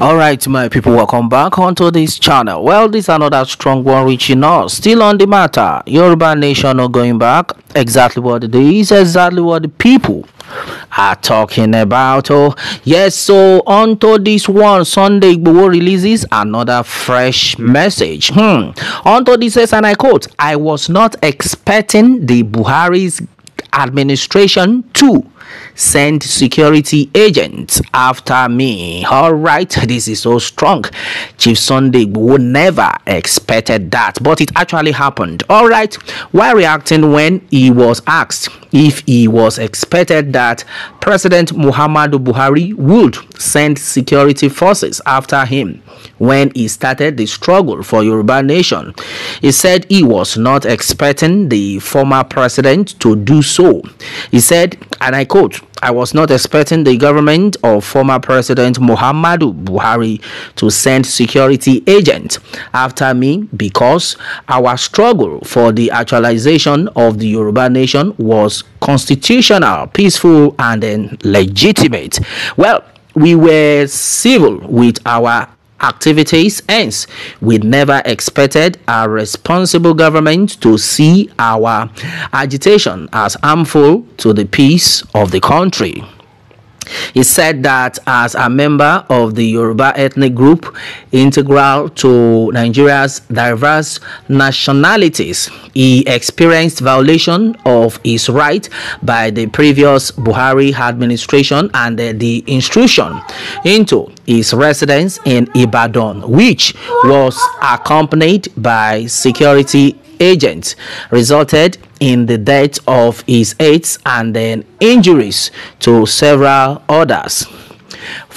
all right my people welcome back onto this channel well this another strong one reaching us still on the matter yoruba nation not going back exactly what it is exactly what the people are talking about oh yes so onto this one sunday will releases another fresh message hmm onto this says and i quote i was not expecting the buhari's administration to send security agents after me. All right, this is so strong. Chief Sunday would never expected that, but it actually happened. All right, while reacting when he was asked if he was expected that President Muhammadu Buhari would send security forces after him when he started the struggle for Yoruba nation, he said he was not expecting the former president to do so. He said, and I quote, I was not expecting the government of former President Muhammadu Buhari to send security agents after me because our struggle for the actualization of the Yoruba nation was constitutional, peaceful, and legitimate. Well, we were civil with our activities ends. We never expected a responsible government to see our agitation as harmful to the peace of the country. He said that as a member of the Yoruba ethnic group, integral to Nigeria's diverse nationalities, he experienced violation of his right by the previous Buhari administration and the, the intrusion into his residence in Ibadan, which was accompanied by security agents, resulted in the death of his aides and then injuries to several others.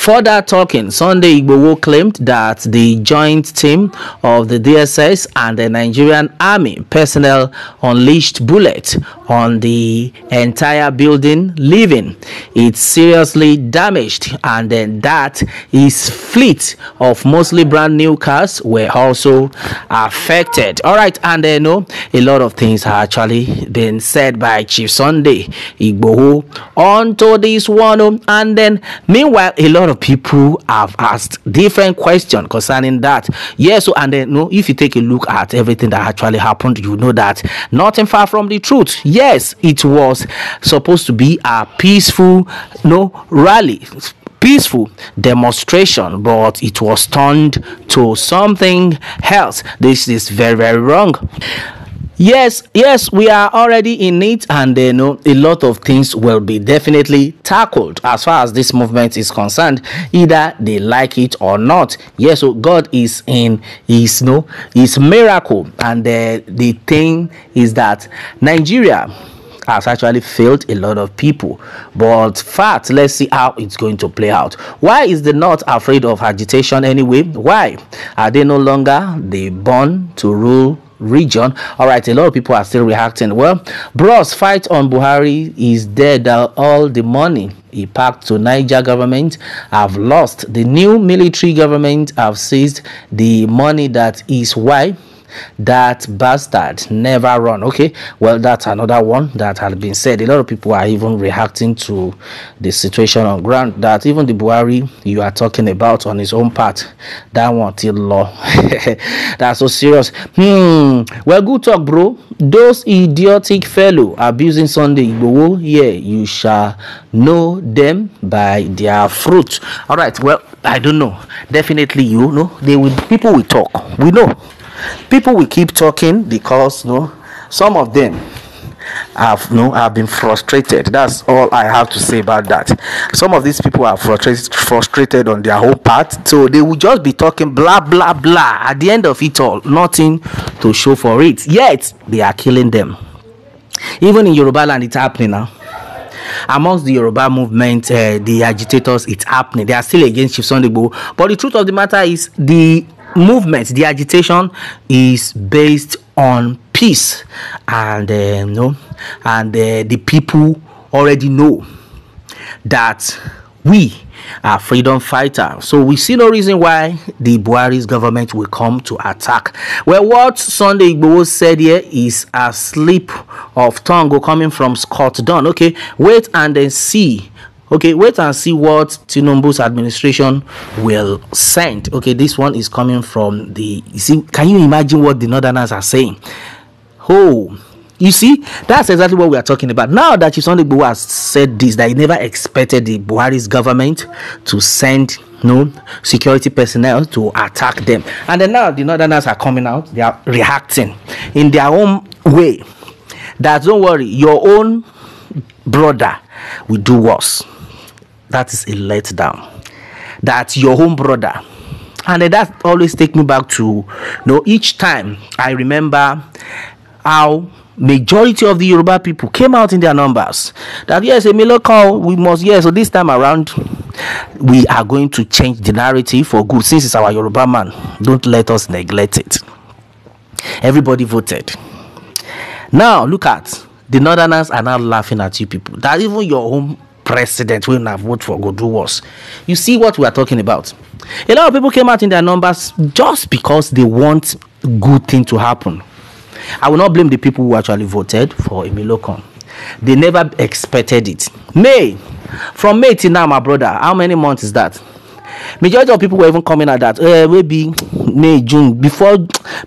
Further talking, Sunday Igbowo claimed that the joint team of the DSS and the Nigerian Army personnel unleashed bullets on the entire building, leaving it seriously damaged, and then that his fleet of mostly brand new cars were also affected. All right, and then know a lot of things have actually been said by Chief Sunday Igboho onto this one, and then meanwhile a lot of people have asked different questions concerning that. Yes, so and then you no, know, if you take a look at everything that actually happened, you know that nothing far from the truth. Yes, it was supposed to be a peaceful you no know, rally peaceful demonstration, but it was turned to something else. This is very, very wrong yes yes we are already in it and uh, you know a lot of things will be definitely tackled as far as this movement is concerned either they like it or not yes so god is in his no know, his miracle and the, uh, the thing is that nigeria has actually failed a lot of people. But fact, let's see how it's going to play out. Why is the North afraid of agitation anyway? Why are they no longer the born to rule region. All right, a lot of people are still reacting. Well, Bros fight on Buhari is dead. All the money he packed to Niger government have lost. The new military government have seized the money that is why that bastard never run okay well that's another one that has been said a lot of people are even reacting to the situation on ground that even the buhari you are talking about on his own part that one till law that's so serious hmm well good talk bro those idiotic fellow abusing sunday igbowo yeah you shall know them by their fruit all right well i don't know definitely you know they will people will talk we know People will keep talking because you no, know, some of them have no have been frustrated. That's all I have to say about that. Some of these people are frustrated frustrated on their whole part, so they will just be talking blah blah blah. At the end of it all, nothing to show for it. Yet they are killing them. Even in Yoruba land, it's happening now. Amongst the Yoruba movement, uh, the agitators, it's happening. They are still against Chief Sunday But the truth of the matter is, the movement, the agitation is based on peace, and uh, you know, and uh, the people already know that we are freedom fighter so we see no reason why the Buari's government will come to attack well what sunday igbowo said here is a slip of tongue coming from scott dunn okay wait and then see okay wait and see what tinubu's administration will send okay this one is coming from the you see can you imagine what the northerners are saying oh you see that's exactly what we are talking about now that chief sunday has said this that he never expected the buhari's government to send no security personnel to attack them and then now the northerners are coming out they are reacting in their own way that don't worry your own brother will do worse that is a letdown. That your own brother. And that always take me back to you know each time I remember how majority of the Yoruba people came out in their numbers that yes, a miracle we must yes. So this time around, we are going to change the narrative for good since it's our Yoruba man. Don't let us neglect it. Everybody voted. Now look at the Northerners are now laughing at you people. That even your home president wey una vote for go do worse you see what we are talking about a lot of people came out in their numbers just because they want good thing to happen i will not blame the people who actually voted for emilokon they never expected it may from may till now my brother how many months is that majority of people were even coming at that uh, maybe may june before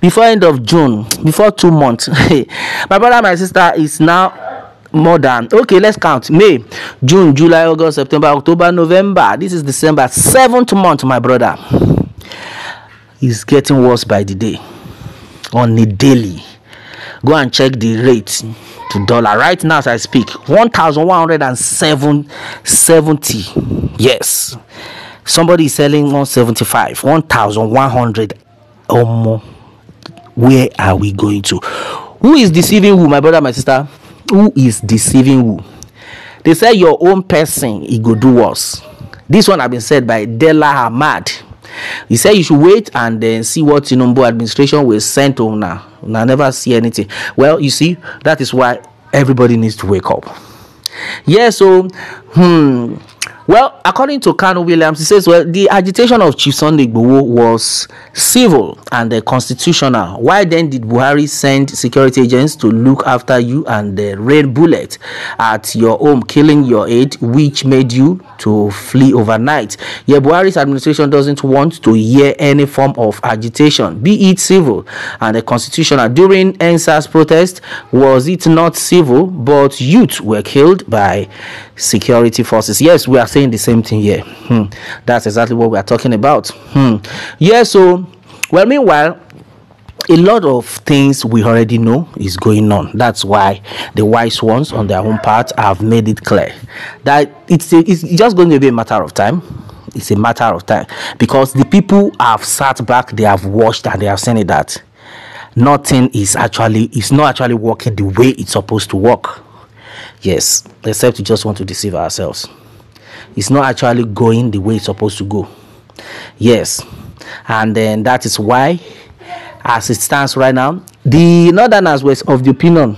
before end of june before two months my brother and my sister is now more than okay let's count may june july august september october november this is december seventh month my brother is getting worse by the day on a daily go and check the rate to dollar right now as i speak one thousand one hundred and seventy yes somebody is selling one seventy five one thousand one hundred omo where are we going to who is deceiving who my brother my sister who is deceiving who they say your own person he go do worse this one have been said by Della ahmad he said you should wait and then see what tinubu administration will send to una una never see anything well you see that is why everybody needs to wake up yes yeah, so Hmm. Well, according to Kanu Williams, he says, well, the agitation of Chief Sunday Igboho was civil and uh, constitutional. Why then did Buhari send security agents to look after you and the red bullet at your home, killing your aide, which made you to flee overnight? Yeah, Buhari's administration doesn't want to hear any form of agitation, be it civil and uh, constitutional. During NSAS protest, was it not civil, but youth were killed by security forces. Yes, we are saying the same thing here. Hmm. That's exactly what we are talking about. Hmm. Yeah, so, well, meanwhile, a lot of things we already know is going on. That's why the wise ones, on their own part, have made it clear that it's, a, it's just going to be a matter of time. It's a matter of time because the people have sat back, they have watched, and they have seen it that nothing is actually it's not actually working the way it's supposed to work. Yes, except we just want to deceive ourselves. It's not actually going the way it's supposed to go. Yes, and then that is why, as it stands right now, the Northerners was of the opinion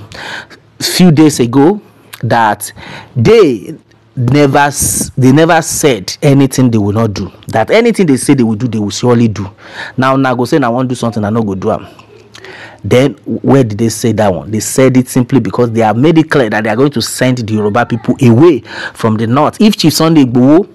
few days ago that they never they never said anything they will not do that anything they say they will do they will surely do now na go say na wan do something i no go do am Then where did they say that one? They said it simply because they have made it clear that they are going to send the Yoruba people away from the north. If Chief Sunday Igboho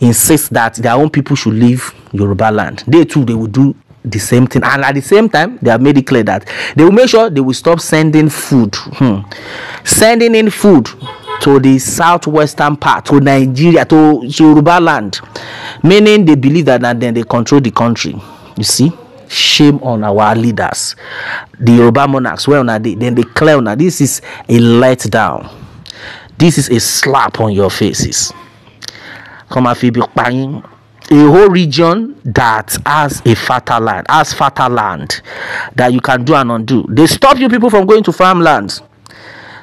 insists that their own people should leave Yoruba land, they too they will do the same thing. And at the same time, they have made it clear that they will make sure they will stop sending food, hmm. sending in food to the southwestern part to Nigeria to Yoruba land, meaning they believe that and then they control the country. You see. shame on our leaders. The Yoruba monarchs, where they then declare now this is a letdown. This is a slap on your faces. Come a whole region that has a fertile land, has fertile land that you can do and undo. They stop you people from going to farmlands.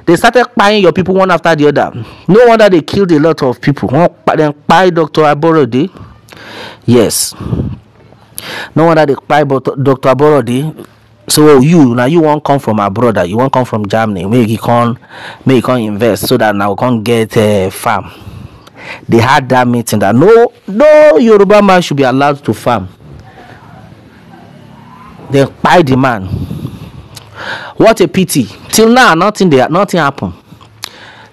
They started buying your people one after the other. No wonder they killed a lot of people. Then buy Dr. Aborode. Yes. no wonder they kpai dr aborodi so oh, you now you won't come from abroad you won't come from germany make you can, make you can invest so that now we come get uh, farm they had that meeting that no no yoruba man should be allowed to farm they buy the man what a pity till now nothing there, nothing happened.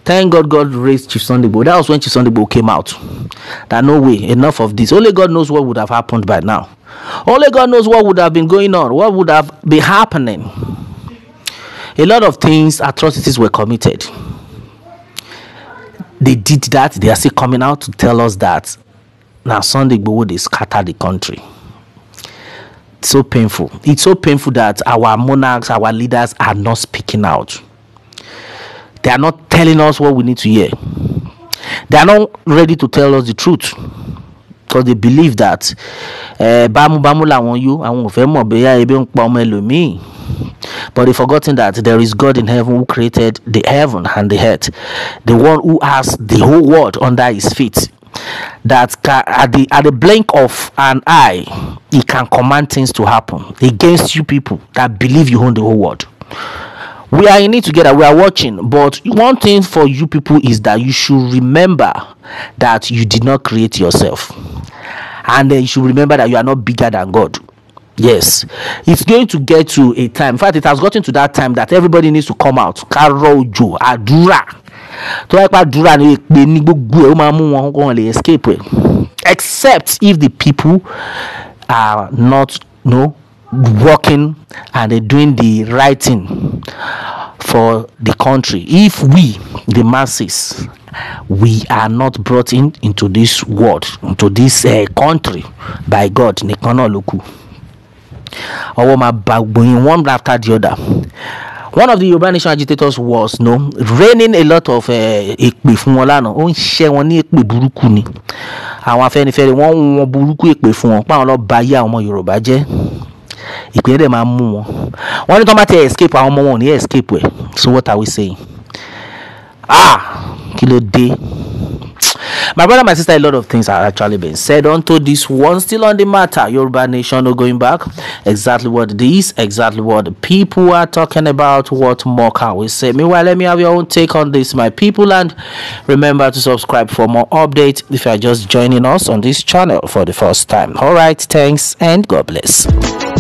thank god god raised chief sunday that was when chief sunday came out that no way enough of this only god knows what would have happened by now Only God knows what would have been going on, what would have been happening. A lot of things, atrocities were committed. They did that. They are still coming out to tell us that. Now Sunday would they scatter the country. It's so painful. It's so painful that our monarchs, our leaders are not speaking out. They are not telling us what we need to hear. They are not ready to tell us the truth. because they believe that eh, bámúbámú làwọn yó àwọn ò fẹ́ mọ̀ bóyá ebi ń pa ọmọ ẹlòmíì but they forgotten that there is God in heaven who created the heaven and the earth the one who has the whole world under his feet that can, at the at the blink of an eye he can command things to happen against you people that believe you own the whole world we are in it together we are watching but one thing for you people is that you should remember that you did not create yourself and then you should remember that you are not bigger than God. Yes, it's going to get to a time. In fact, it has gotten to that time that everybody needs to come out. Karojo, Adura. tó wáyé pa Adura ni èpè ní gbogbo ẹ̀ ó máa mú wọn kó wọn lè escape ẹ̀ except if the people are not no, working and they doing the right thing for the country if we the masses we are not brought in into this world into this uh, country by God nìkan náà ló kù ọwọ́ máa bá gbòyìn one after the other one of the Yoruba nation agitators was no raining a lot of eh, èpè fún wọn lánàá ó ń ṣẹ́ wọn ní èpè burúkú ni àwọn Afẹ́nifẹ́re wọ́n ń wọn burúkú èpè fún wọn páwọn lọ bá yé àwọn ọmọ Yorùbá jẹ́ ìpínlẹ̀ máa mú wọn wọ́n ní tí wọ́n bá ti escape àwọn ọmọ wọn ò ní escape ẹ̀ so what are we saying? ah kí ló dé my brother my sister a lot of things are actually being said onto this one still on the matter yoruba nation no going back exactly what this exactly what the people are talking about what more can we say meanwhile let me have your own take on this my people and remember to subscribe for more updates if you are just joining us on this channel for the first time all right thanks and god bless